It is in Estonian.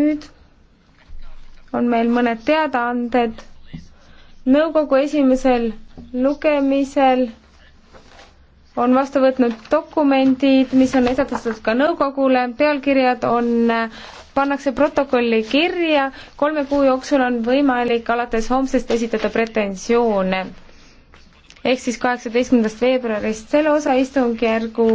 nüüd on meil mõned teadaanded. nõukogu esimesel lugemisel on vastu võtnud dokumendid, mis on esitatud ka nõukogule, pealkirjad on, pannakse protokolli kirja, kolme kuu jooksul on võimalik alates homsest esitada pretensioone. ehk siis kaheksateistkümnendast veebruarist selle osa istungjärgu